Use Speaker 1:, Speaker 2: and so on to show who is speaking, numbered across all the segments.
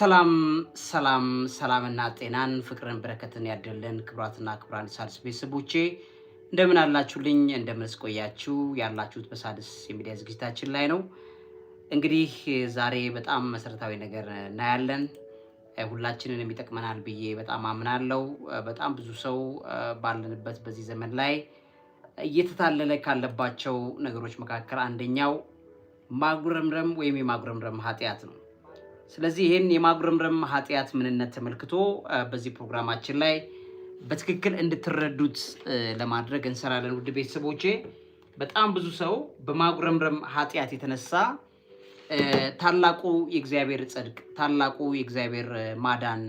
Speaker 1: ሰላም ሰላም ሰላምና ጤናን ፍቅርን በረከትን ያደለን ክብራትና ክብራን ሣድስ ቤተሰቦቼ እንደምን አላችሁልኝ? እንደምን ስቆያችሁ? ያላችሁት በሣድስ የሚዲያ ዝግጅታችን ላይ ነው። እንግዲህ ዛሬ በጣም መሰረታዊ ነገር እናያለን። ሁላችንንም ይጠቅመናል ብዬ በጣም አምናለው በጣም ብዙ ሰው ባለንበት በዚህ ዘመን ላይ እየተታለለ ካለባቸው ነገሮች መካከል አንደኛው ማጉረምረም ወይም የማጉረምረም ኃጢአት ነው። ስለዚህ ይህን የማጉረምረም ኃጢአት ምንነት ተመልክቶ በዚህ ፕሮግራማችን ላይ በትክክል እንድትረዱት ለማድረግ እንሰራለን። ውድ ቤተሰቦቼ በጣም ብዙ ሰው በማጉረምረም ኃጢአት የተነሳ ታላቁ የእግዚአብሔር ጽድቅ፣ ታላቁ የእግዚአብሔር ማዳን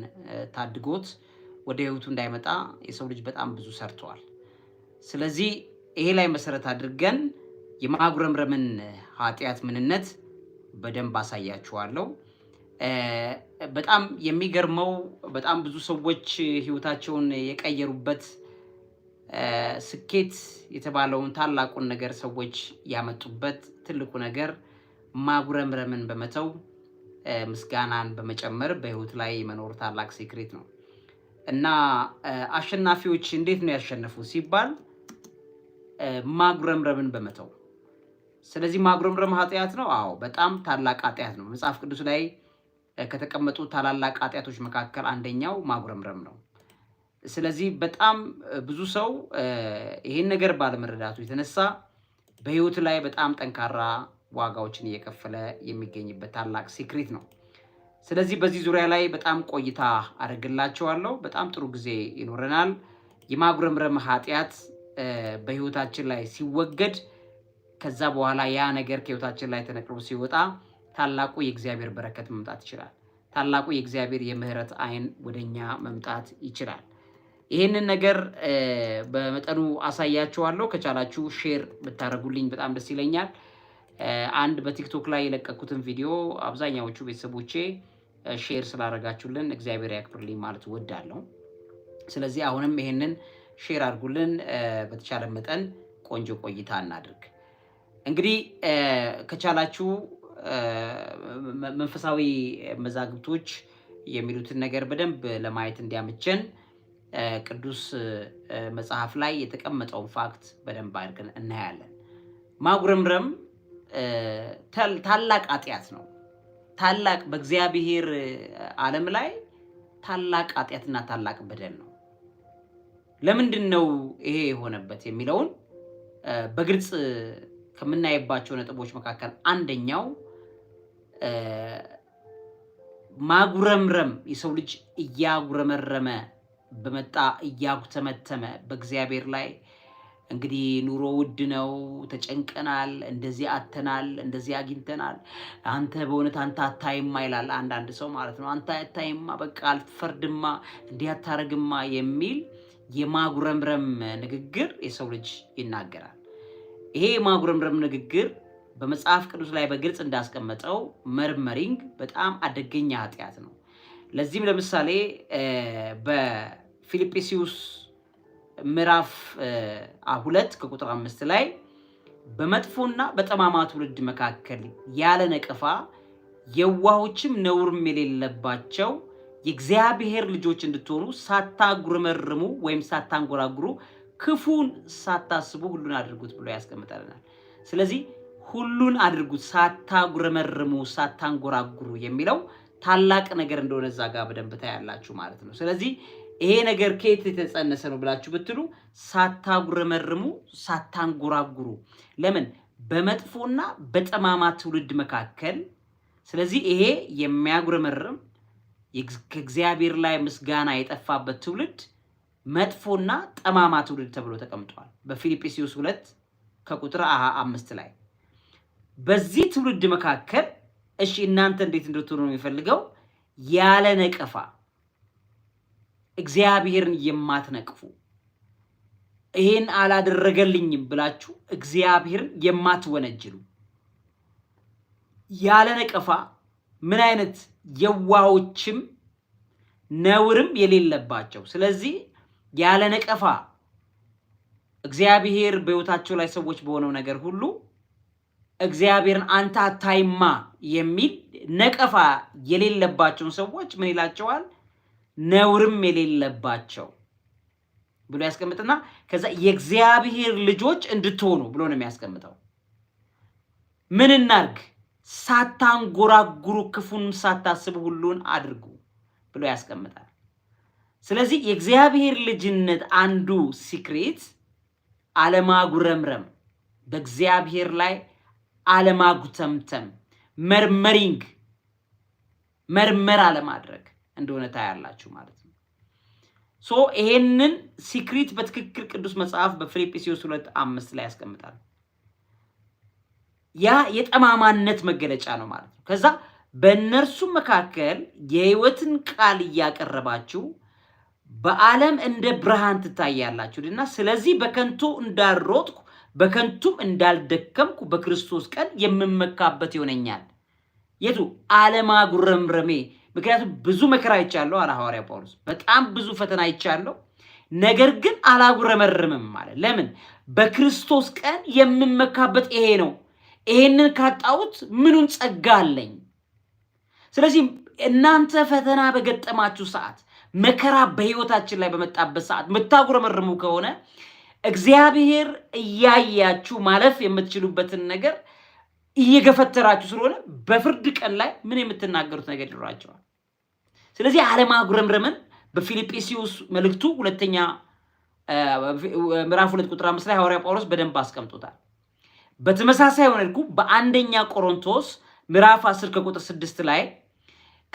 Speaker 1: ታድጎት ወደ ህይወቱ እንዳይመጣ የሰው ልጅ በጣም ብዙ ሰርተዋል። ስለዚህ ይሄ ላይ መሰረት አድርገን የማጉረምረምን ኃጢአት ምንነት በደንብ አሳያችኋለሁ። በጣም የሚገርመው በጣም ብዙ ሰዎች ህይወታቸውን የቀየሩበት ስኬት የተባለውን ታላቁን ነገር ሰዎች ያመጡበት ትልቁ ነገር ማጉረምረምን በመተው ምስጋናን በመጨመር በህይወት ላይ መኖር ታላቅ ሲክሬት ነው እና አሸናፊዎች እንዴት ነው ያሸነፉ ሲባል ማጉረምረምን በመተው ስለዚህ ማጉረምረም ኃጢአት ነው አዎ በጣም ታላቅ ኃጢአት ነው መጽሐፍ ቅዱስ ላይ ከተቀመጡ ታላላቅ ኃጢአቶች መካከል አንደኛው ማጉረምረም ነው። ስለዚህ በጣም ብዙ ሰው ይህን ነገር ባለመረዳቱ የተነሳ በህይወት ላይ በጣም ጠንካራ ዋጋዎችን እየከፈለ የሚገኝበት ታላቅ ሲክሪት ነው። ስለዚህ በዚህ ዙሪያ ላይ በጣም ቆይታ አደርግላቸዋለሁ። በጣም ጥሩ ጊዜ ይኖረናል። የማጉረምረም ኃጢአት በህይወታችን ላይ ሲወገድ ከዛ በኋላ ያ ነገር ከህይወታችን ላይ ተነቅሎ ሲወጣ ታላቁ የእግዚአብሔር በረከት መምጣት ይችላል። ታላቁ የእግዚአብሔር የምህረት አይን ወደኛ መምጣት ይችላል። ይህንን ነገር በመጠኑ አሳያችኋለሁ። ከቻላችሁ ሼር ብታደርጉልኝ በጣም ደስ ይለኛል። አንድ በቲክቶክ ላይ የለቀኩትን ቪዲዮ አብዛኛዎቹ ቤተሰቦቼ ሼር ስላደረጋችሁልን እግዚአብሔር ያክብርልኝ ማለት ወዳለሁ። ስለዚህ አሁንም ይሄንን ሼር አድርጉልን። በተቻለ መጠን ቆንጆ ቆይታ እናድርግ። እንግዲህ ከቻላችሁ መንፈሳዊ መዛግብቶች የሚሉትን ነገር በደንብ ለማየት እንዲያመቸን ቅዱስ መጽሐፍ ላይ የተቀመጠውን ፋክት በደንብ አድርገን እናያለን። ማጉረምረም ታላቅ ኃጢአት ነው። ታላቅ በእግዚአብሔር ዓለም ላይ ታላቅ ኃጢአትና ታላቅ በደል ነው። ለምንድን ነው ይሄ የሆነበት የሚለውን በግልጽ ከምናይባቸው ነጥቦች መካከል አንደኛው ማጉረምረም የሰው ልጅ እያጉረመረመ በመጣ እያጉተመተመ በእግዚአብሔር ላይ እንግዲህ ኑሮ ውድ ነው፣ ተጨንቀናል፣ እንደዚህ አተናል፣ እንደዚህ አግኝተናል። አንተ በእውነት አንተ አታይማ ይላል አንዳንድ ሰው ማለት ነው። አንተ አታይማ፣ በቃ አልትፈርድማ እንዲህ አታረግማ የሚል የማጉረምረም ንግግር የሰው ልጅ ይናገራል። ይሄ የማጉረምረም ንግግር በመጽሐፍ ቅዱስ ላይ በግልጽ እንዳስቀመጠው መርመሪንግ በጣም አደገኛ ኃጢአት ነው። ለዚህም ለምሳሌ በፊልጵስዩስ ምዕራፍ ሁለት ከቁጥር አምስት ላይ በመጥፎና በጠማማ ትውልድ መካከል ያለ ነቀፋ የዋሆችም ነውርም የሌለባቸው የእግዚአብሔር ልጆች እንድትሆኑ ሳታጉረመርሙ ወይም ሳታንጎራጉሩ ክፉን ሳታስቡ ሁሉን አድርጉት ብሎ ያስቀምጠልናል። ስለዚህ ሁሉን አድርጉት ሳታጉረመርሙ፣ ሳታንጎራጉሩ የሚለው ታላቅ ነገር እንደሆነ እዛ ጋር በደንብ ታያላችሁ ማለት ነው። ስለዚህ ይሄ ነገር ከየት የተጸነሰ ነው ብላችሁ ብትሉ ሳታጉረመርሙ፣ ሳታንጎራጉሩ ለምን በመጥፎና በጠማማ ትውልድ መካከል። ስለዚህ ይሄ የሚያጉረመርም ከእግዚአብሔር ላይ ምስጋና የጠፋበት ትውልድ መጥፎና ጠማማ ትውልድ ተብሎ ተቀምጧል በፊልጵስዩስ ሁለት ከቁጥር አምስት ላይ በዚህ ትውልድ መካከል እሺ፣ እናንተ እንዴት እንድትሆኑ ነው የሚፈልገው? ያለ ነቀፋ እግዚአብሔርን የማትነቅፉ ይሄን አላደረገልኝም ብላችሁ እግዚአብሔርን የማትወነጅሉ ያለ ነቀፋ ምን አይነት የዋዎችም ነውርም የሌለባቸው። ስለዚህ ያለ ነቀፋ እግዚአብሔር በሕይወታቸው ላይ ሰዎች በሆነው ነገር ሁሉ እግዚአብሔርን አንተ አታይማ የሚል ነቀፋ የሌለባቸውን ሰዎች ምን ይላቸዋል? ነውርም የሌለባቸው ብሎ ያስቀምጥና ከዛ የእግዚአብሔር ልጆች እንድትሆኑ ብሎ ነው የሚያስቀምጠው። ምን እናርግ? ሳታንጎራጉሩ፣ ክፉን ሳታስቡ ሁሉን አድርጉ ብሎ ያስቀምጣል። ስለዚህ የእግዚአብሔር ልጅነት አንዱ ሲክሬት አለማጉረምረም፣ በእግዚአብሔር ላይ አለማጉተምተም፣ መርመሪንግ መርመር አለማድረግ እንደሆነ ታያላችሁ ማለት ነው። ሶ ይሄንን ሲክሪት በትክክል ቅዱስ መጽሐፍ በፊልጵስዩስ ሁለት አምስት ላይ ያስቀምጣል። ያ የጠማማነት መገለጫ ነው ማለት ነው። ከዛ በእነርሱም መካከል የህይወትን ቃል እያቀረባችሁ በዓለም እንደ ብርሃን ትታያላችሁ እና ስለዚህ በከንቱ እንዳሮጥኩ በከንቱም እንዳልደከምኩ በክርስቶስ ቀን የምመካበት ይሆነኛል። የቱ አለማጉረምረሜ። ምክንያቱም ብዙ መከራ አይቻለሁ አለ ሐዋርያ ጳውሎስ። በጣም ብዙ ፈተና አይቻለሁ፣ ነገር ግን አላጉረመርምም ማለት ለምን? በክርስቶስ ቀን የምመካበት ይሄ ነው። ይሄንን ካጣሁት ምኑን ጸጋ አለኝ? ስለዚህ እናንተ ፈተና በገጠማችሁ ሰዓት፣ መከራ በህይወታችን ላይ በመጣበት ሰዓት የምታጉረመርሙ ከሆነ እግዚአብሔር እያያችሁ ማለፍ የምትችሉበትን ነገር እየገፈተራችሁ ስለሆነ በፍርድ ቀን ላይ ምን የምትናገሩት ነገር ይኖራቸዋል። ስለዚህ አለማጉረምረምን በፊልጵስዩስ መልእክቱ ሁለተኛ ምዕራፍ ሁለት ቁጥር አምስት ላይ ሐዋርያ ጳውሎስ በደንብ አስቀምጦታል። በተመሳሳይ መልኩ በአንደኛ ቆሮንቶስ ምዕራፍ አስር ከቁጥር ስድስት ላይ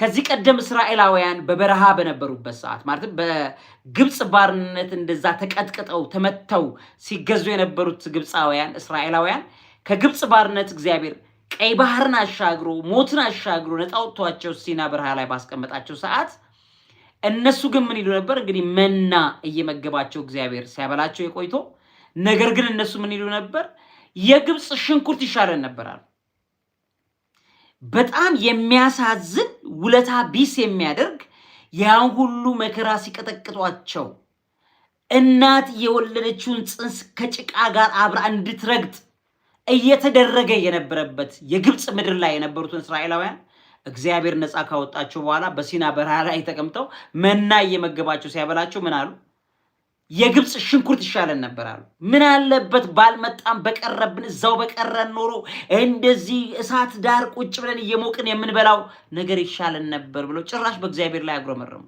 Speaker 1: ከዚህ ቀደም እስራኤላውያን በበረሃ በነበሩበት ሰዓት ማለትም በግብፅ ባርነት እንደዛ ተቀጥቅጠው ተመተው ሲገዙ የነበሩት ግብፃውያን እስራኤላውያን ከግብፅ ባርነት እግዚአብሔር ቀይ ባህርን አሻግሮ ሞትን አሻግሮ ነፃ ወጥቷቸው ሲና በረሃ ላይ ባስቀመጣቸው ሰዓት እነሱ ግን ምን ይሉ ነበር? እንግዲህ መና እየመገባቸው እግዚአብሔር ሲያበላቸው የቆይቶ ነገር ግን እነሱ ምን ይሉ ነበር? የግብፅ ሽንኩርት ይሻለን ነበር አሉ። በጣም የሚያሳዝን ውለታ ቢስ የሚያደርግ ያን ሁሉ መከራ ሲቀጠቅጧቸው እናት የወለደችውን ጽንስ ከጭቃ ጋር አብራ እንድትረግጥ እየተደረገ የነበረበት የግብፅ ምድር ላይ የነበሩትን እስራኤላውያን እግዚአብሔር ነፃ ካወጣቸው በኋላ በሲና በረሃ ላይ ተቀምጠው መና እየመገባቸው ሲያበላቸው ምን አሉ? የግብፅ ሽንኩርት ይሻለን ነበር አሉ። ምን አለበት ባልመጣም በቀረብን እዛው በቀረን ኖሮ እንደዚህ እሳት ዳር ቁጭ ብለን እየሞቅን የምንበላው ነገር ይሻለን ነበር ብለው ጭራሽ በእግዚአብሔር ላይ አጉረመረሙ።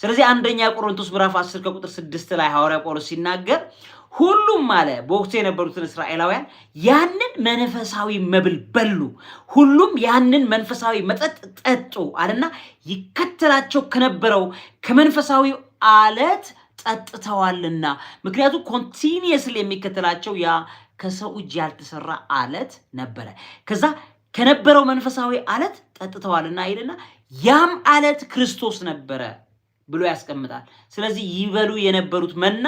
Speaker 1: ስለዚህ አንደኛ ቆሮንቶስ ምዕራፍ 10 ከቁጥር 6 ላይ ሐዋርያ ጳውሎስ ሲናገር ሁሉም አለ በወቅቱ የነበሩትን እስራኤላውያን ያንን መንፈሳዊ መብል በሉ፣ ሁሉም ያንን መንፈሳዊ መጠጥ ጠጡ አለና ይከተላቸው ከነበረው ከመንፈሳዊ አለት ጸጥተዋልና። ምክንያቱ ኮንቲኒየስሊ የሚከተላቸው ያ ከሰው እጅ ያልተሰራ አለት ነበረ። ከዛ ከነበረው መንፈሳዊ አለት ጠጥተዋልና አይልና ያም አለት ክርስቶስ ነበረ ብሎ ያስቀምጣል። ስለዚህ ይበሉ የነበሩት መና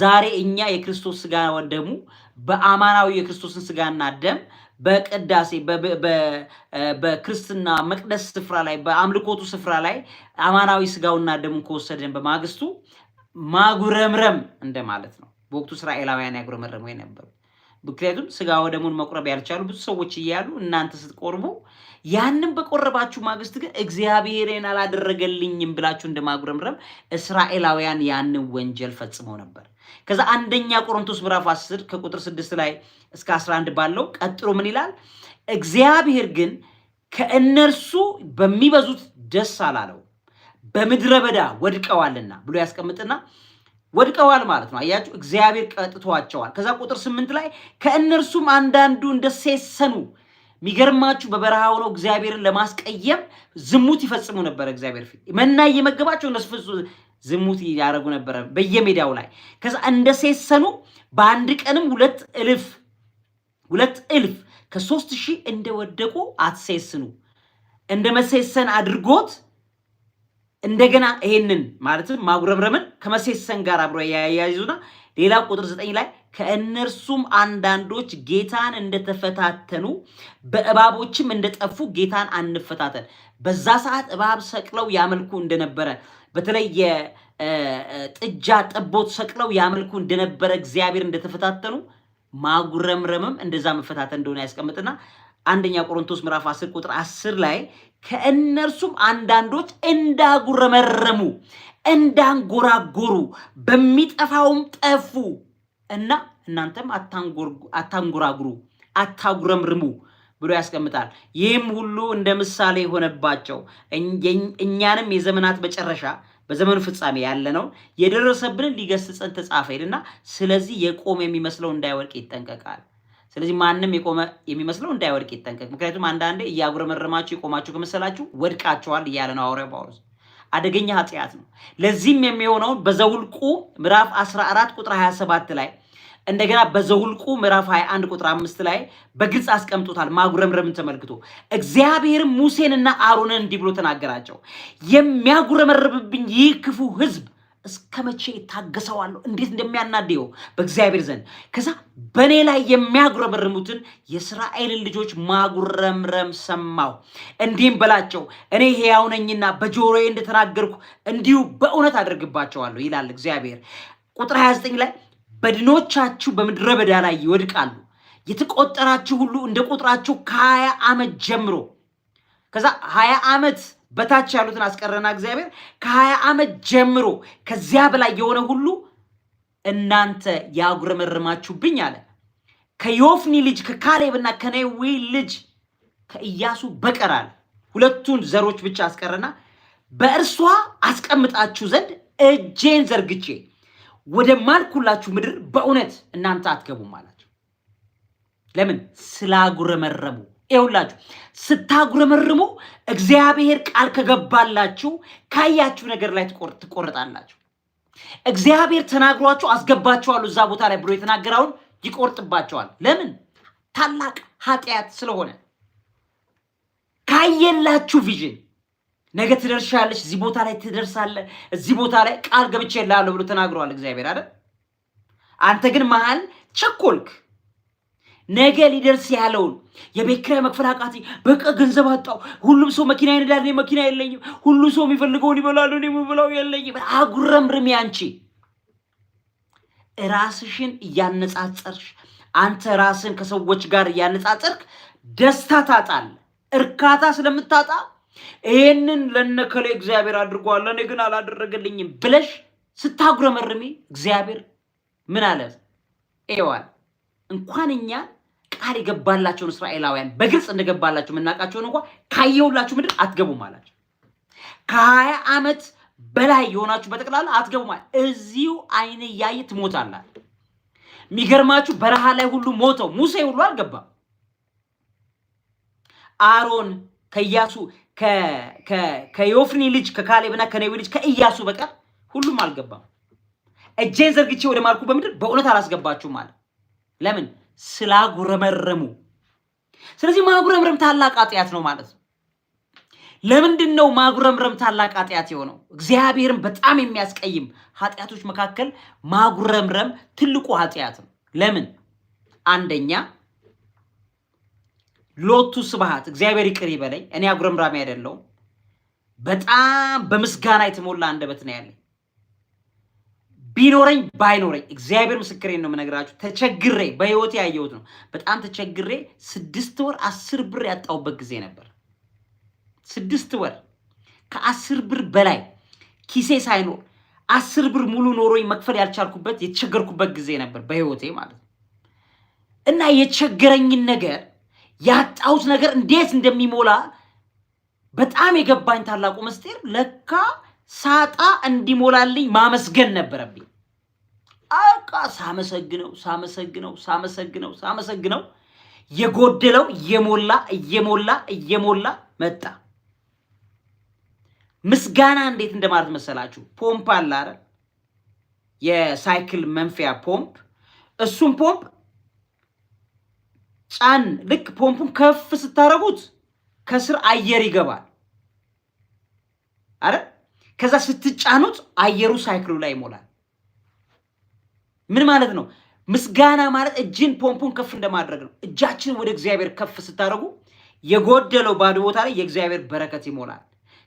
Speaker 1: ዛሬ እኛ የክርስቶስ ስጋ ደሙ በአማናዊ የክርስቶስን ስጋና ደም በቅዳሴ በክርስትና መቅደስ ስፍራ ላይ በአምልኮቱ ስፍራ ላይ አማናዊ ስጋውና ደሙን ከወሰደን በማግስቱ ማጉረምረም እንደማለት ነው። በወቅቱ እስራኤላውያን ያጉረመረሙ የነበሩት ምክንያቱም ስጋ ወደሙን መቁረብ ያልቻሉ ብዙ ሰዎች እያሉ እናንተ ስትቆርቡ ያንም በቆረባችሁ ማግስት ግን እግዚአብሔርን አላደረገልኝም ብላችሁ እንደማጉረምረም እስራኤላውያን ያንን ወንጀል ፈጽመው ነበር። ከዛ አንደኛ ቆሮንቶስ ምዕራፍ 10 ከቁጥር 6 ላይ እስከ 11 ባለው ቀጥሎ ምን ይላል? እግዚአብሔር ግን ከእነርሱ በሚበዙት ደስ አላለው በምድረ በዳ ወድቀዋልና ብሎ ያስቀምጥና ወድቀዋል ማለት ነው። አያችሁ እግዚአብሔር ቀጥቷቸዋል። ከዛ ቁጥር ስምንት ላይ ከእነርሱም አንዳንዱ እንደሴሰኑ የሚገርማችሁ በበረሃ ሆነው እግዚአብሔርን ለማስቀየም ዝሙት ይፈጽሙ ነበረ። እግዚአብሔር ፊት መና እየመገባቸው እነሱ ዝሙት ያደረጉ ነበረ በየሜዳው ላይ። ከዛ እንደሴሰኑ በአንድ ቀንም ሁለት እልፍ ሁለት እልፍ ከሶስት ሺህ እንደወደቁ አትሴስኑ እንደ መሴሰን አድርጎት እንደገና ይሄንን ማለትም ማጉረምረምን ከመሴሰን ጋር አብሮ ያያይዙና ሌላ ቁጥር ዘጠኝ ላይ ከእነርሱም አንዳንዶች ጌታን እንደተፈታተኑ በእባቦችም እንደጠፉ ጌታን አንፈታተን። በዛ ሰዓት እባብ ሰቅለው ያመልኩ እንደነበረ በተለይ የጥጃ ጠቦት ሰቅለው ያመልኩ እንደነበረ እግዚአብሔር እንደተፈታተኑ ማጉረምረምም እንደዛ መፈታተን እንደሆነ ያስቀምጥና አንደኛ ቆሮንቶስ ምዕራፍ 10 ቁጥር 10 ላይ ከእነርሱም አንዳንዶች እንዳጉረመረሙ እንዳንጎራጎሩ በሚጠፋውም ጠፉ እና እናንተም አታንጎራጉሩ አታጉረምርሙ ብሎ ያስቀምጣል። ይህም ሁሉ እንደ ምሳሌ የሆነባቸው እኛንም የዘመናት መጨረሻ በዘመኑ ፍጻሜ ያለነው የደረሰብንን ሊገስጸን ተጻፈ ይልና ስለዚህ የቆመ የሚመስለው እንዳይወድቅ ይጠንቀቃል። ስለዚህ ማንም የቆመ የሚመስለው እንዳይወድቅ ይጠንቀቅ። ምክንያቱም አንዳንዴ እያጉረመረማችሁ የቆማችሁ ከመሰላችሁ ወድቃችኋል እያለ ነው ሐዋርያው ጳውሎስ። አደገኛ ኃጢአት ነው። ለዚህም የሚሆነውን በዘውልቁ ምዕራፍ 14 ቁጥር 27 ላይ እንደገና በዘውልቁ ምዕራፍ 21 ቁጥር 5 ላይ በግልጽ አስቀምጦታል። ማጉረምረምን ተመልክቶ እግዚአብሔር ሙሴንና አሮንን እንዲህ ብሎ ተናገራቸው፣ የሚያጉረመርብብኝ ይህ ክፉ ሕዝብ እስከ መቼ ታገሰዋለሁ? እንዴት እንደሚያናደየው በእግዚአብሔር ዘንድ። ከዛ በእኔ ላይ የሚያጉረመርሙትን የእስራኤልን ልጆች ማጉረምረም ሰማሁ። እንዲህም በላቸው፣ እኔ ሕያው ነኝና በጆሮዬ እንደተናገርኩ እንዲሁ በእውነት አደርግባቸዋለሁ ይላል እግዚአብሔር። ቁጥር 29 ላይ በድኖቻችሁ በምድረ በዳ ላይ ይወድቃሉ፣ የተቆጠራችሁ ሁሉ እንደ ቁጥራችሁ ከሀያ ዓመት ጀምሮ ከዛ ሀያ ዓመት በታች ያሉትን አስቀረና እግዚአብሔር ከሀያ ዓመት ጀምሮ ከዚያ በላይ የሆነ ሁሉ እናንተ ያጉረመርማችሁብኝ አለ። ከዮፍኒ ልጅ ከካሌብና ከነዌ ልጅ ከኢያሱ በቀር አለ ሁለቱን ዘሮች ብቻ አስቀረና በእርሷ አስቀምጣችሁ ዘንድ እጄን ዘርግቼ ወደ ማልኩላችሁ ምድር በእውነት እናንተ አትገቡም አላቸው። ለምን ስላጉረመረሙ ይኸውላችሁ ስታጉረመርሙ እግዚአብሔር ቃል ከገባላችሁ ካያችሁ ነገር ላይ ትቆርጣላችሁ። እግዚአብሔር ተናግሯችሁ አስገባችኋሉ እዛ ቦታ ላይ ብሎ የተናገራውን ይቆርጥባቸዋል። ለምን? ታላቅ ኃጢአት ስለሆነ። ካየላችሁ ቪዥን ነገ ትደርሻለች፣ እዚህ ቦታ ላይ ትደርሳለ እዚህ ቦታ ላይ ቃል ላለሁ ብሎ ተናግረዋል እግዚአብሔር አይደል? አንተ ግን መሀል ቸኮልክ። ነገ ሊደርስ ያለውን የቤት ኪራይ መክፈል አቃተኝ፣ በቃ ገንዘብ አጣው፣ ሁሉም ሰው መኪና ይነዳል፣ እኔ መኪና የለኝም፣ ሁሉም ሰው የሚፈልገውን ይበላሉ፣ እኔ የምበላው የለኝም። አጉረምርሚ አንቺ ራስሽን እያነጻጸርሽ አንተ ራስን ከሰዎች ጋር እያነጻጸርክ ደስታ ታጣል፣ እርካታ ስለምታጣ ይሄንን ለነከሌ እግዚአብሔር አድርጓል ለእኔ ግን አላደረገልኝም ብለሽ ስታጉረመርሚ እግዚአብሔር ምን አለ ዋል እንኳን እኛን ቃል የገባላቸውን እስራኤላውያን በግልጽ እንደገባላቸው የምናውቃቸውን እንኳ ካየውላችሁ ምድር አትገቡም አላቸው። ከሀያ ዓመት በላይ የሆናችሁ በጠቅላላ አትገቡም፣ እዚሁ አይን እያየ ትሞታላል። የሚገርማችሁ በረሃ ላይ ሁሉ ሞተው ሙሴ ሁሉ አልገባም። አሮን ከኢያሱ ከዮፍኒ ልጅ ከካሌብና ከነዌ ልጅ ከኢያሱ በቀር ሁሉም አልገባም። እጄን ዘርግቼ ወደ ማልኩ በምድር በእውነት አላስገባችሁም አለ። ለምን ስላጉረመረሙ። ስለዚህ ማጉረምረም ታላቅ ኃጢአት ነው ማለት ነው። ለምንድን ነው ማጉረምረም ታላቅ ኃጢአት የሆነው? እግዚአብሔርን በጣም የሚያስቀይም ኃጢአቶች መካከል ማጉረምረም ትልቁ ኃጢአት ነው። ለምን? አንደኛ ሎቱ ስብሐት እግዚአብሔር ይቅር ይበለኝ፣ እኔ አጉረምራሚ አይደለሁም። በጣም በምስጋና የተሞላ አንደበት ነው ያለኝ። ቢኖረኝ ባይኖረኝ እግዚአብሔር ምስክሬን ነው የምነግራችሁ። ተቸግሬ በህይወት ያየሁት ነው። በጣም ተቸግሬ ስድስት ወር አስር ብር ያጣሁበት ጊዜ ነበር። ስድስት ወር ከአስር ብር በላይ ኪሴ ሳይኖር አስር ብር ሙሉ ኖሮኝ መክፈል ያልቻልኩበት የተቸገርኩበት ጊዜ ነበር በህይወቴ ማለት ነው። እና የቸገረኝን ነገር ያጣሁት ነገር እንዴት እንደሚሞላ በጣም የገባኝ ታላቁ ምስጢር ለካ ሳጣ እንዲሞላልኝ ማመስገን ነበረብኝ። አቃ ሳመሰግነው ሳመሰግነው ሳመሰግነው ሳመሰግነው የጎደለው እየሞላ እየሞላ እየሞላ መጣ። ምስጋና እንዴት እንደማለት መሰላችሁ? ፖምፕ አለ አይደል? የሳይክል መንፊያ ፖምፕ። እሱም ፖምፕ ጫን ልክ ፖምፑን ከፍ ስታረጉት ከስር አየር ይገባል። ከዛ ስትጫኑት አየሩ ሳይክሉ ላይ ይሞላል። ምን ማለት ነው? ምስጋና ማለት እጅን ፖምፑን ከፍ እንደማድረግ ነው። እጃችን ወደ እግዚአብሔር ከፍ ስታደርጉ የጎደለው ባዶ ቦታ ላይ የእግዚአብሔር በረከት ይሞላል።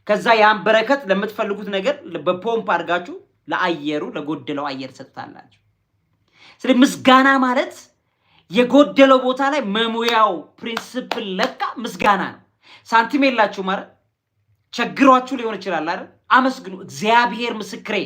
Speaker 1: ከዛ ያን በረከት ለምትፈልጉት ነገር በፖምፕ አድርጋችሁ ለአየሩ ለጎደለው አየር ሰጥታላችሁ። ስለዚህ ምስጋና ማለት የጎደለው ቦታ ላይ መሙያው ፕሪንስፕል ለካ ምስጋና ነው። ሳንቲም የላችሁ ማለት ቸግሯችሁ ሊሆን ይችላል አይደል? አመስግኑ። እግዚአብሔር ምስክሬ፣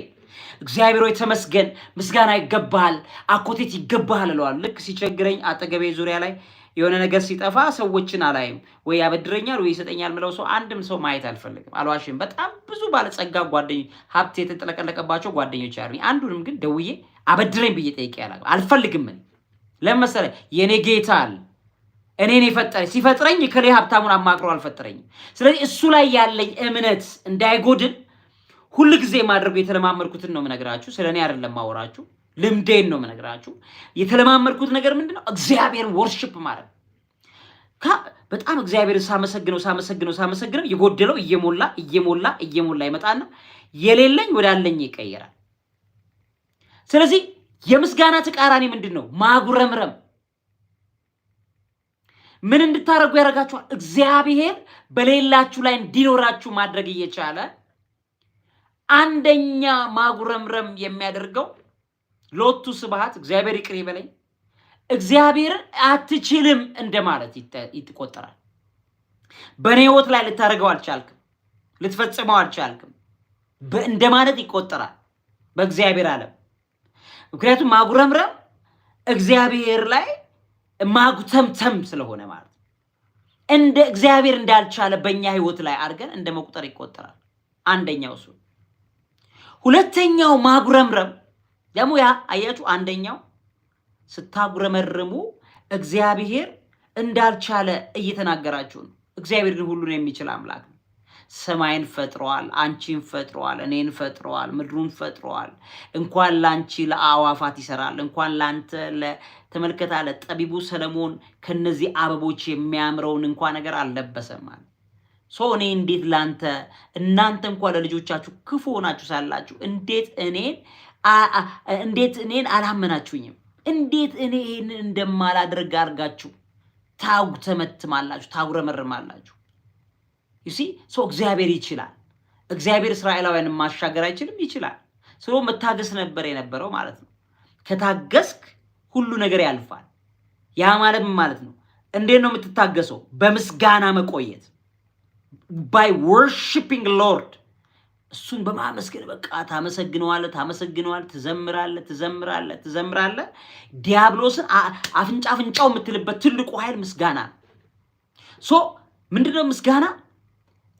Speaker 1: እግዚአብሔር ሆይ ተመስገን፣ ምስጋና ይገባሃል፣ አኮቴት ይገባሃል እለዋል። ልክ ሲቸግረኝ አጠገቤ ዙሪያ ላይ የሆነ ነገር ሲጠፋ ሰዎችን አላይም። ወይ ያበድረኛል ወይ ይሰጠኛል ምለው ሰው አንድም ሰው ማየት አልፈልግም። አልዋሽም፣ በጣም ብዙ ባለጸጋ ጓደኞች፣ ሀብት የተጠለቀለቀባቸው ጓደኞች አሉኝ። አንዱንም ግን ደውዬ አበድረኝ ብዬ ጠይቄ አላውቅም። አልፈልግም። ለምን መሰለህ? የኔ ጌታ አለ እኔን የፈጠረኝ ሲፈጥረኝ ከሌ ሀብታሙን አማክሮ አልፈጠረኝም። ስለዚህ እሱ ላይ ያለኝ እምነት እንዳይጎድል ሁል ጊዜ ማድረጉ የተለማመድኩትን ነው የምነግራችሁ። ስለ እኔ አይደለም ማወራችሁ፣ ልምዴን ነው የምነግራችሁ። የተለማመድኩት ነገር ምንድነው? እግዚአብሔርን ወርሽፕ ማለት በጣም እግዚአብሔር ሳመሰግነው ሳመሰግነው ሳመሰግነው የጎደለው እየሞላ እየሞላ እየሞላ ይመጣና የሌለኝ ወዳለኝ ይቀየራል። ስለዚህ የምስጋና ተቃራኒ ምንድን ነው? ማጉረምረም ምን እንድታደርጉ ያደርጋችኋል? እግዚአብሔር በሌላችሁ ላይ እንዲኖራችሁ ማድረግ እየቻለ አንደኛ ማጉረምረም የሚያደርገው ሎቱ ስብሐት እግዚአብሔር ይቅር ይበለኝ፣ እግዚአብሔር አትችልም እንደማለት ይቆጠራል። በእኔ ህይወት ላይ ልታደርገው አልቻልክም፣ ልትፈጽመው አልቻልክም እንደማለት ይቆጠራል በእግዚአብሔር ዓለም። ምክንያቱም ማጉረምረም እግዚአብሔር ላይ ማጉተምተም ስለሆነ ማለት ነው። እንደ እግዚአብሔር እንዳልቻለ በእኛ ህይወት ላይ አድርገን እንደ መቁጠር ይቆጠራል። አንደኛው እሱ። ሁለተኛው ማጉረምረም ደግሞ ያ አያችሁ፣ አንደኛው ስታጉረመርሙ እግዚአብሔር እንዳልቻለ እየተናገራችሁ ነው። እግዚአብሔር ግን ሁሉን የሚችል አምላክ ነው። ሰማይን ፈጥረዋል፣ አንቺን ፈጥረዋል፣ እኔን ፈጥረዋል፣ ምድሩን ፈጥረዋል። እንኳን ለአንቺ ለአዋፋት ይሰራል፣ እንኳን ላንተ ለተመልከታለ ጠቢቡ ሰለሞን ከነዚህ አበቦች የሚያምረውን እንኳ ነገር አልለበሰም አለ። ሰው እኔ እንዴት ላንተ እናንተ እንኳ ለልጆቻችሁ ክፉ ሆናችሁ ሳላችሁ እንዴት እኔን እንዴት እኔን አላመናችሁኝም? እንዴት እኔ ይህንን እንደማላደርግ አድርጋችሁ ታጉ ተመትማላችሁ፣ ታጉረመርማላችሁ ዩሲ ሰው እግዚአብሔር ይችላል። እግዚአብሔር እስራኤላውያንን ማሻገር አይችልም? ይችላል። ስለ መታገስ ነበር የነበረው ማለት ነው። ከታገስክ ሁሉ ነገር ያልፋል። ያ ማለት ማለት ነው። እንዴት ነው የምትታገሰው? በምስጋና መቆየት ባይ ወርሺፒንግ ሎርድ እሱን በማመስገን በቃ ታመሰግነዋለህ፣ ታመሰግነዋለህ፣ ትዘምራለህ፣ ትዘምራለህ፣ ትዘምራለህ። ዲያብሎስን አፍንጫ አፍንጫው የምትልበት ትልቁ ኃይል ምስጋና ነው። ሶ ምንድነው ምስጋና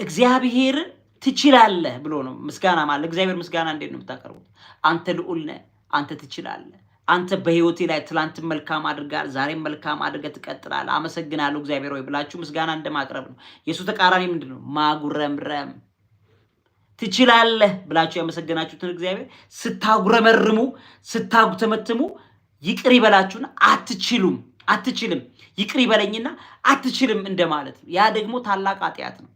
Speaker 1: እግዚአብሔርን ትችላለህ ብሎ ነው ምስጋና ማለት። እግዚአብሔር ምስጋና እንዴት ነው የምታቀርቡት? አንተ ልዑል ነህ፣ አንተ ትችላለህ፣ አንተ በህይወቴ ላይ ትላንት መልካም አድርጋል፣ ዛሬም መልካም አድርገህ ትቀጥላለህ፣ አመሰግናለሁ እግዚአብሔር ወይ ብላችሁ ምስጋና እንደማቅረብ ነው። የእሱ ተቃራኒ ምንድን ነው? ማጉረምረም። ትችላለህ ብላችሁ ያመሰገናችሁትን እግዚአብሔር ስታጉረመርሙ፣ ስታጉተመትሙ ይቅር ይበላችሁና አትችሉም፣ አትችልም፣ ይቅር ይበለኝና አትችልም እንደማለት ነው። ያ ደግሞ ታላቅ ኃጢአት ነው።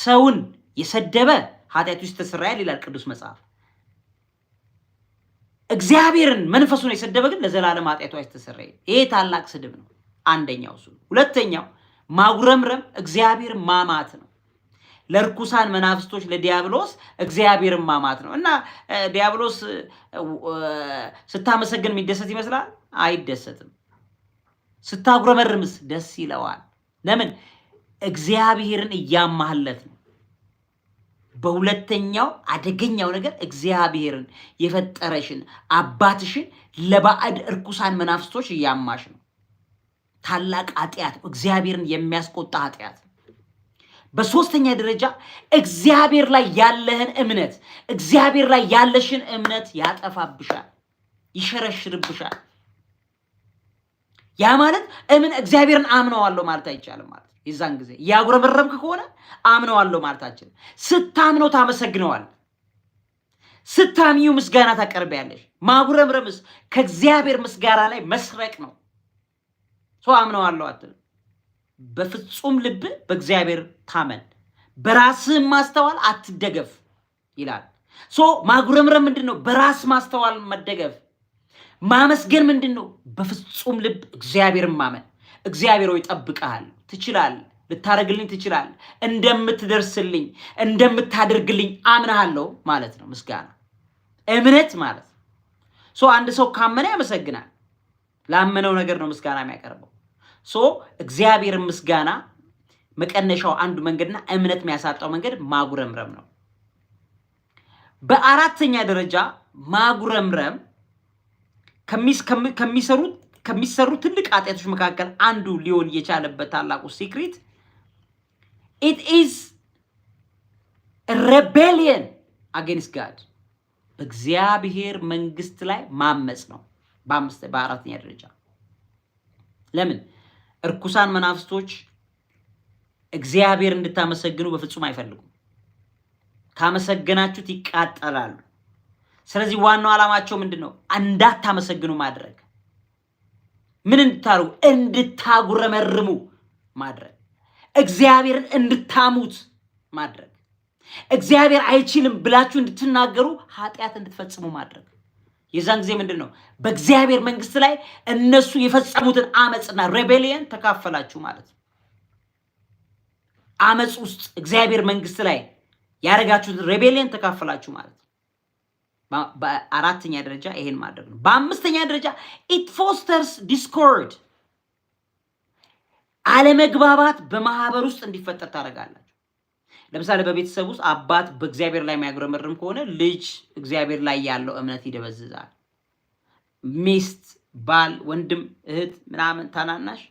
Speaker 1: ሰውን የሰደበ ኃጢአቱ ይስተሰርያል ይላል ቅዱስ መጽሐፍ። እግዚአብሔርን መንፈሱን የሰደበ ግን ለዘላለም ኃጢአቱ አይስተሰርይም። ይሄ ታላቅ ስድብ ነው። አንደኛው እሱ። ሁለተኛው ማጉረምረም እግዚአብሔር ማማት ነው። ለርኩሳን መናፍስቶች ለዲያብሎስ እግዚአብሔር ማማት ነው እና ዲያብሎስ ስታመሰግን የሚደሰት ይመስላል? አይደሰትም። ስታጉረመርምስ ደስ ይለዋል። ለምን? እግዚአብሔርን እያማህለት ነው። በሁለተኛው አደገኛው ነገር እግዚአብሔርን የፈጠረሽን አባትሽን ለባዕድ እርኩሳን መናፍስቶች እያማሽ ነው። ታላቅ ኃጢአት ነው። እግዚአብሔርን የሚያስቆጣ ኃጢአት ነው። በሶስተኛ ደረጃ እግዚአብሔር ላይ ያለህን እምነት እግዚአብሔር ላይ ያለሽን እምነት ያጠፋብሻል፣ ይሸረሽርብሻል። ያ ማለት እምን እግዚአብሔርን አምነዋለሁ ማለት አይቻልም ማለት የዛን ጊዜ እያጉረበረብክ ከሆነ አምነዋለሁ ማለታችን። ስታምነው ታመሰግነዋል። ስታምኙ ምስጋና ታቀርቢያለሽ። ማጉረምረምስ ከእግዚአብሔር ምስጋና ላይ መስረቅ ነው። ሰው አምነዋለሁ አትልም። በፍጹም ልብ በእግዚአብሔር ታመን፣ በራስህም ማስተዋል አትደገፍ ይላል። ሶ ማጉረምረም ምንድን ነው? በራስ ማስተዋል መደገፍ። ማመስገን ምንድን ነው? በፍጹም ልብ እግዚአብሔርን ማመን። እግዚአብሔር ይጠብቀሃል። ጠብቀሃል ትችላል፣ ልታደርግልኝ ትችላል፣ እንደምትደርስልኝ እንደምታደርግልኝ አምናሃለሁ ማለት ነው። ምስጋና እምነት ማለት ነው። ሶ አንድ ሰው ካመነ ያመሰግናል። ላመነው ነገር ነው ምስጋና የሚያቀርበው። ሶ እግዚአብሔር ምስጋና መቀነሻው አንዱ መንገድና እምነት የሚያሳጣው መንገድ ማጉረምረም ነው። በአራተኛ ደረጃ ማጉረምረም ከሚሰሩት ከሚሰሩ ትልቅ ኃጢአቶች መካከል አንዱ ሊሆን የቻለበት ታላቁ ሲክሪት ኢት ኢዝ ሬቤሊየን አጌንስት ጋድ በእግዚአብሔር መንግስት ላይ ማመፅ ነው። በአራተኛ ደረጃ ለምን እርኩሳን መናፍስቶች እግዚአብሔር እንድታመሰግኑ በፍጹም አይፈልጉም። ካመሰገናችሁት ይቃጠላሉ። ስለዚህ ዋናው ዓላማቸው ምንድን ነው? እንዳታመሰግኑ ማድረግ ምን እንድታደርጉ እንድታጉረመርሙ ማድረግ እግዚአብሔርን እንድታሙት ማድረግ እግዚአብሔር አይችልም ብላችሁ እንድትናገሩ ኃጢአት እንድትፈጽሙ ማድረግ የዛን ጊዜ ምንድን ነው በእግዚአብሔር መንግስት ላይ እነሱ የፈጸሙትን አመፅና ሬቤሊየን ተካፈላችሁ ማለት ነው አመፅ ውስጥ እግዚአብሔር መንግስት ላይ ያደረጋችሁትን ሬቤሊየን ተካፈላችሁ ማለት በአራተኛ ደረጃ ይሄን ማድረግ ነው። በአምስተኛ ደረጃ ኢት ፎስተርስ ዲስኮርድ፣ አለመግባባት በማህበር ውስጥ እንዲፈጠር ታደርጋላችሁ። ለምሳሌ በቤተሰብ ውስጥ አባት በእግዚአብሔር ላይ የሚያጉረመርም ከሆነ ልጅ እግዚአብሔር ላይ ያለው እምነት ይደበዝዛል። ሚስት፣ ባል፣ ወንድም፣ እህት፣ ምናምን ታናናሽ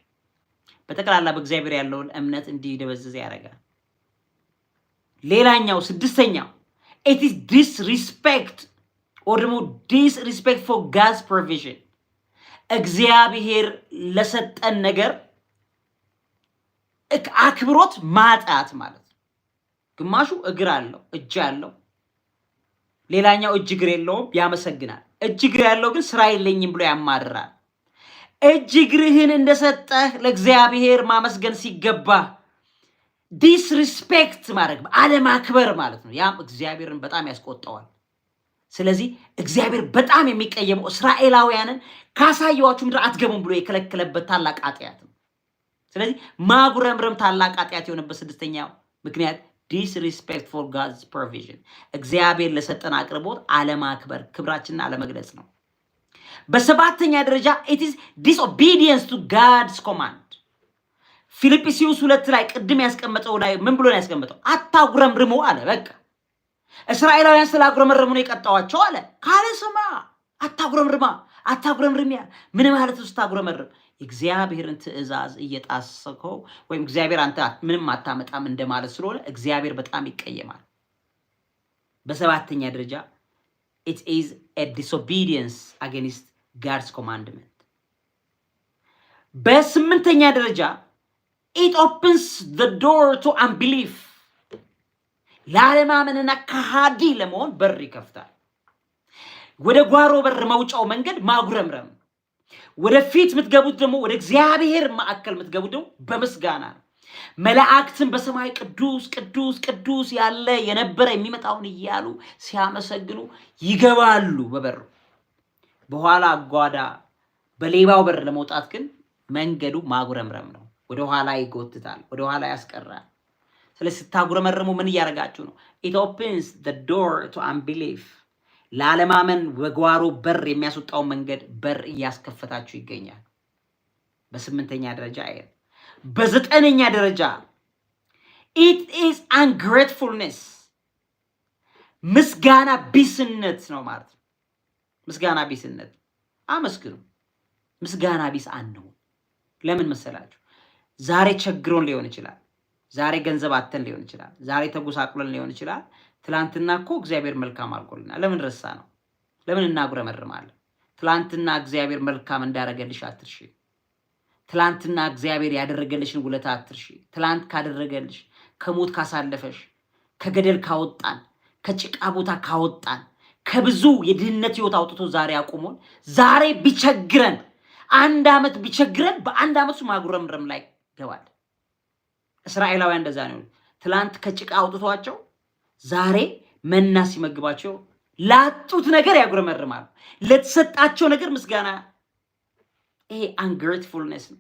Speaker 1: በጠቅላላ በእግዚአብሔር ያለውን እምነት እንዲደበዝዝ ያደርጋል። ሌላኛው ስድስተኛው ኢት ኢዝ ዲስሪስፔክት ኦር ደግሞ ሪስፔክት ፎር ጋዝ ፕሮቪዥን እግዚአብሔር ለሰጠን ነገር አክብሮት ማጣት ማለት ነው። ግማሹ እግር አለው እጅ አለው፣ ሌላኛው እጅ እግር የለውም ያመሰግናል። እጅ እግር ያለው ግን ስራ የለኝም ብሎ ያማርራል። እጅ እግርህን እንደሰጠህ ለእግዚአብሔር ማመስገን ሲገባ ዲስሪስፔክት ማድረግ አለማክበር ማለት ነው። ያም እግዚአብሔርን በጣም ያስቆጠዋል። ስለዚህ እግዚአብሔር በጣም የሚቀየመው እስራኤላውያንን ካሳየዋችሁ ምድር አትገቡም ብሎ የከለከለበት ታላቅ ኃጢአት ነው። ስለዚህ ማጉረምረም ታላቅ ኃጢአት የሆነበት ስድስተኛው ምክንያት ዲስሪስፔክት ፎር ጋድስ ፕሮቪዥን እግዚአብሔር ለሰጠን አቅርቦት አለማክበር፣ ክብራችንን አለመግለጽ ነው። በሰባተኛ ደረጃ ኢትስ ዲስኦቢዲየንስ ቱ ጋድስ ኮማንድ ፊልጵስዩስ ሁለት ላይ ቅድም ያስቀመጠው ላይ ምን ብሎ ነው ያስቀመጠው? አታጉረምርሙ አለ በቃ እስራኤላውያን ስላጉረመረሙ ነው የቀጣዋቸው አለ። ካለ ስማ፣ አታጉረምርማ፣ አታጉረምርሚያ። ምን ማለት ውስጥ ታጉረመርም? እግዚአብሔርን ትእዛዝ እየጣሰከው ወይም እግዚአብሔር አንተ ምንም አታመጣም እንደማለት ስለሆነ እግዚአብሔር በጣም ይቀየማል። በሰባተኛ ደረጃ ኢት ኢዝ ኤ ዲስኦቢዲየንስ አጌንስት ጋድስ ኮማንድመንት። በስምንተኛ ደረጃ ኢት ኦፕንስ ዶር ቱ አንቢሊፍ ላለማመንና ከሃዲ ለመሆን በር ይከፍታል። ወደ ጓሮ በር መውጫው መንገድ ማጉረምረም፣ ወደፊት የምትገቡት ደግሞ ወደ እግዚአብሔር ማዕከል የምትገቡት ደግሞ በምስጋና ነው። መላእክትን በሰማይ ቅዱስ ቅዱስ ቅዱስ ያለ የነበረ የሚመጣውን እያሉ ሲያመሰግኑ ይገባሉ በበሩ። በኋላ አጓዳ በሌባው በር ለመውጣት ግን መንገዱ ማጉረምረም ነው። ወደኋላ ይጎትታል፣ ወደኋላ ያስቀራል። ስለዚህ ስታጉረመርሙ ምን እያደረጋችሁ ነው? ኢት ኦፕንስ ዘ ዶር ቱ አንቢሊፍ ለአለማመን በጓሮ በር የሚያስወጣውን መንገድ በር እያስከፈታችሁ ይገኛል። በስምንተኛ ደረጃ አይ በዘጠነኛ ደረጃ ኢት ኢዝ አንግሬትፉልነስ ምስጋና ቢስነት ነው ማለት ነው። ምስጋና ቢስነት አመስግኑ። ምስጋና ቢስ አንሁን። ለምን መሰላችሁ? ዛሬ ቸግሮን ሊሆን ይችላል ዛሬ ገንዘብ አተን ሊሆን ይችላል። ዛሬ ተጎሳቁለን ሊሆን ይችላል። ትላንትና እኮ እግዚአብሔር መልካም አድርጎልናል። ለምን ረሳ ነው? ለምን እናጉረመርማለን? ትላንትና እግዚአብሔር መልካም እንዳደረገልሽ አትርሺ። ትላንትና እግዚአብሔር ያደረገልሽን ውለታ አትርሺ። ትላንት ካደረገልሽ፣ ከሞት ካሳለፈሽ፣ ከገደል ካወጣን፣ ከጭቃ ቦታ ካወጣን፣ ከብዙ የድህነት ህይወት አውጥቶ ዛሬ አቁሞን ዛሬ ቢቸግረን አንድ ዓመት ቢቸግረን በአንድ ዓመት ማጉረምረም ላይ ገባል። እስራኤላውያን እንደዛ ነው። ትላንት ከጭቃ አውጥቷቸው ዛሬ መና ሲመግባቸው ላጡት ነገር ያጉረመርማሉ። ለተሰጣቸው ነገር ምስጋና ይሄ አንግሬትፉልነስ ነው።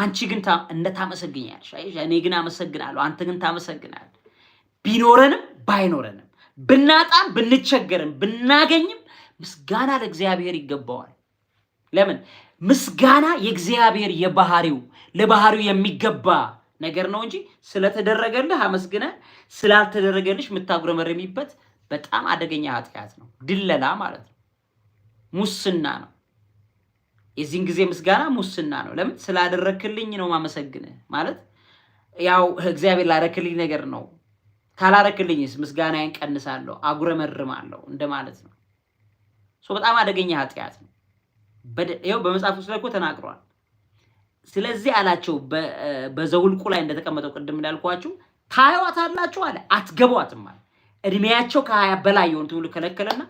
Speaker 1: አንቺ ግን እንደታመሰግኛለሽ፣ ታመሰግኛለሽ፣ እኔ ግን አመሰግናለሁ፣ አንተ ግን ታመሰግናለህ። ቢኖረንም ባይኖረንም ብናጣም ብንቸገርም ብናገኝም ምስጋና ለእግዚአብሔር ይገባዋል። ለምን ምስጋና የእግዚአብሔር የባህሪው ለባህሪው የሚገባ ነገር ነው እንጂ ስለተደረገልህ አመስግነ ስላልተደረገልሽ የምታጉረመረሚበት በጣም አደገኛ ኃጢአት ነው። ድለላ ማለት ነው፣ ሙስና ነው። የዚህን ጊዜ ምስጋና ሙስና ነው። ለምን ስላደረክልኝ ነው ማመሰግን ማለት ያው እግዚአብሔር ላረክልኝ ነገር ነው። ካላረክልኝስ ምስጋናዬን ቀንሳለሁ፣ አጉረመርማለሁ እንደማለት ነው። በጣም አደገኛ ኃጢአት ነው። በመጽሐፍ ውስጥ ላይ እኮ ተናግሯል። ስለዚህ አላቸው በዘውልቁ ላይ እንደተቀመጠው ቅድም እንዳልኳችሁ ታዩዋት አላችሁ አለ አትገቧትም አለ። እድሜያቸው ከሀያ በላይ የሆኑትን ሁሉ ከለከለና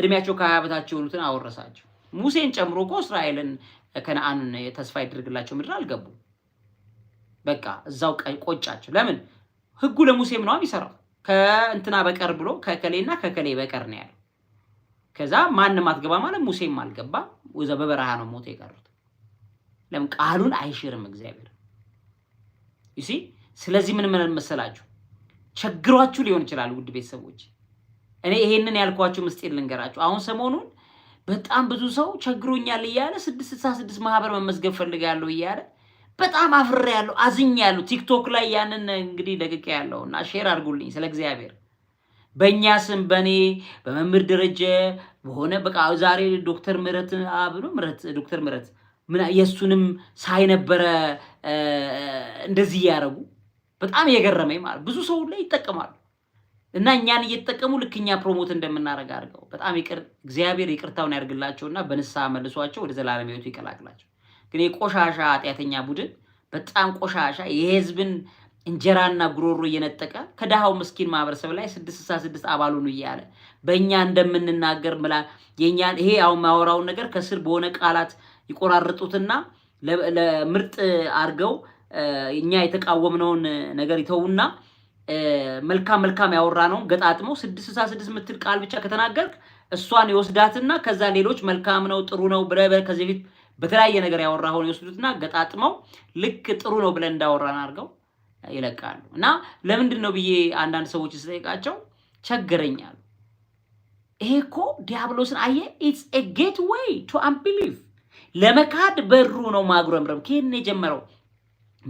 Speaker 1: እድሜያቸው ከሀያ በታች የሆኑትን አወረሳቸው። ሙሴን ጨምሮ እኮ እስራኤልን ከነአኑን ተስፋ ይደረግላቸው ምድር አልገቡ። በቃ እዛው ቆጫቸው። ለምን ህጉ ለሙሴም ነው የሚሰራው። ከእንትና በቀር ብሎ ከከሌና ከከሌ በቀር ነው ያለው። ከዛ ማንም አትገባ ማለት ሙሴም አልገባ። በበረሃ ነው ሞት የቀሩት። ለምን ቃሉን አይሽርም እግዚአብሔር ይሲ። ስለዚህ ምን ምን መሰላችሁ ቸግሯችሁ ሊሆን ይችላል። ውድ ቤተሰቦች እኔ ይሄንን ያልኳችሁ ምስጢር ልንገራችሁ። አሁን ሰሞኑን በጣም ብዙ ሰው ቸግሮኛል እያለ ስድስት ስልሳ ስድስት ማህበር መመዝገብ ፈልጋለሁ እያለ በጣም አፍሬ ያለሁ አዝኝ ያለሁ ቲክቶክ ላይ ያንን እንግዲህ ለቅቄ ያለሁ እና ሼር አድርጉልኝ ስለ እግዚአብሔር በእኛ ስም በእኔ በመምህር ደረጀ በሆነ በቃ ዛሬ ዶክተር ምረት ብሎ ምረት ዶክተር ምረት የእሱንም ሳይ ነበረ እንደዚህ እያደረጉ በጣም የገረመኝ ማለት ብዙ ሰው ላይ ይጠቀማሉ እና እኛን እየተጠቀሙ ልክ እኛ ፕሮሞት እንደምናደርግ አድርገው በጣም ይቅር እግዚአብሔር ይቅርታውን ያደርግላቸው እና በንስሐ መልሷቸው ወደ ዘላለም ሕይወቱ ይቀላቅላቸው። ግን የቆሻሻ ኃጢአተኛ ቡድን በጣም ቆሻሻ የህዝብን እንጀራና ጉሮሮ እየነጠቀ ከድሃው ምስኪን ማህበረሰብ ላይ ስድስት ስልሳ ስድስት አባሉን እያለ በእኛ እንደምንናገር ምላ ይሄ አሁን ማወራውን ነገር ከስር በሆነ ቃላት ይቆራርጡትና ለምርጥ አድርገው እኛ የተቃወምነውን ነገር ይተውና መልካም መልካም ነው ገጣጥሞ ስድስት ስሳ ስድስት የምትል ቃል ብቻ ከተናገርክ እሷን ይወስዳትና ከዛ ሌሎች መልካም ነው ጥሩ ነው ብለህ ከዚህ በፊት በተለያየ ነገር ያወራኸውን ይወስዱትና ገጣጥመው ልክ ጥሩ ነው ብለን እንዳወራን አድርገው ይለቃሉ። እና ለምንድን ነው ብዬ አንዳንድ ሰዎች ስጠይቃቸው ቸገረኛል። ይሄ እኮ ዲያብሎስን አየ ኢትስ ኤ ጌት ዌይ ቱ አንቢሊቭ ለመካድ በሩ ነው ማጉረምረም። ከየት የጀመረው?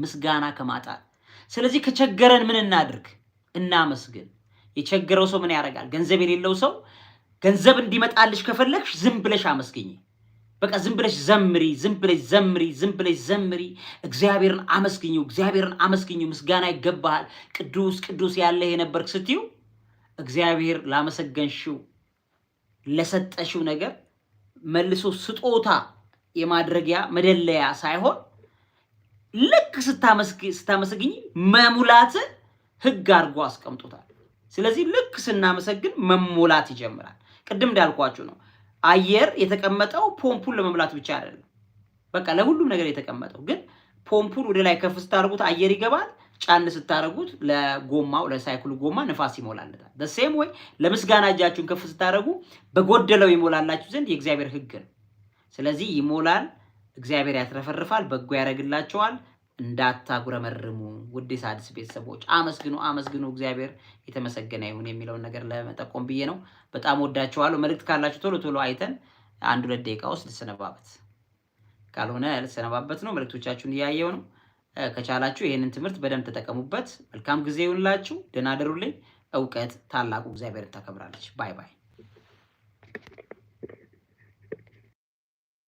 Speaker 1: ምስጋና ከማጣት። ስለዚህ ከቸገረን ምን እናድርግ? እናመስግን። የቸገረው ሰው ምን ያደርጋል? ገንዘብ የሌለው ሰው ገንዘብ እንዲመጣልሽ ከፈለግሽ ዝም ብለሽ አመስግኝ። በቃ ዝም ብለሽ ዘምሪ፣ ዝም ብለሽ ዘምሪ፣ ዝም ብለሽ ዘምሪ። እግዚአብሔርን አመስግኙ፣ እግዚአብሔርን አመስግኙ። ምስጋና ይገባሃል። ቅዱስ ቅዱስ ያለህ የነበርክ ስትዩ እግዚአብሔር ላመሰገንሽው ለሰጠሽው ነገር መልሶ ስጦታ የማድረጊያ መደለያ ሳይሆን ልክ ስታመሰግኝ መሙላት ህግ አድርጎ አስቀምጦታል። ስለዚህ ልክ ስናመሰግን መሞላት ይጀምራል። ቅድም እንዳልኳችሁ ነው። አየር የተቀመጠው ፖምፑን ለመሙላት ብቻ አይደለም። በቃ ለሁሉም ነገር የተቀመጠው ግን ፖምፑን ወደ ላይ ከፍ ስታደርጉት አየር ይገባል። ጫን ስታደርጉት ለጎማው ለሳይክሉ ጎማ ንፋስ ይሞላለታል። በሴም ወይ ለምስጋና እጃችሁን ከፍ ስታደርጉ በጎደለው ይሞላላችሁ ዘንድ የእግዚአብሔር ህግ ነው። ስለዚህ ይሞላል፣ እግዚአብሔር ያትረፈርፋል፣ በጎ ያደርግላቸዋል። እንዳታጉረመርሙ ውድ የሣድስ ቤተሰቦች፣ አመስግኑ አመስግኑ፣ እግዚአብሔር የተመሰገነ ይሁን የሚለውን ነገር ለመጠቆም ብዬ ነው። በጣም ወዳቸዋለሁ። መልእክት ካላችሁ ቶሎ ቶሎ አይተን አንድ ሁለት ደቂቃ ውስጥ ልሰነባበት፣ ካልሆነ ልሰነባበት ነው። መልእክቶቻችሁን እያየው ነው። ከቻላችሁ ይህንን ትምህርት በደንብ ተጠቀሙበት። መልካም ጊዜ ይሁንላችሁ። ደህና ደሩልኝ። እውቀት ታላቁ እግዚአብሔር ታከብራለች። ባይ ባይ።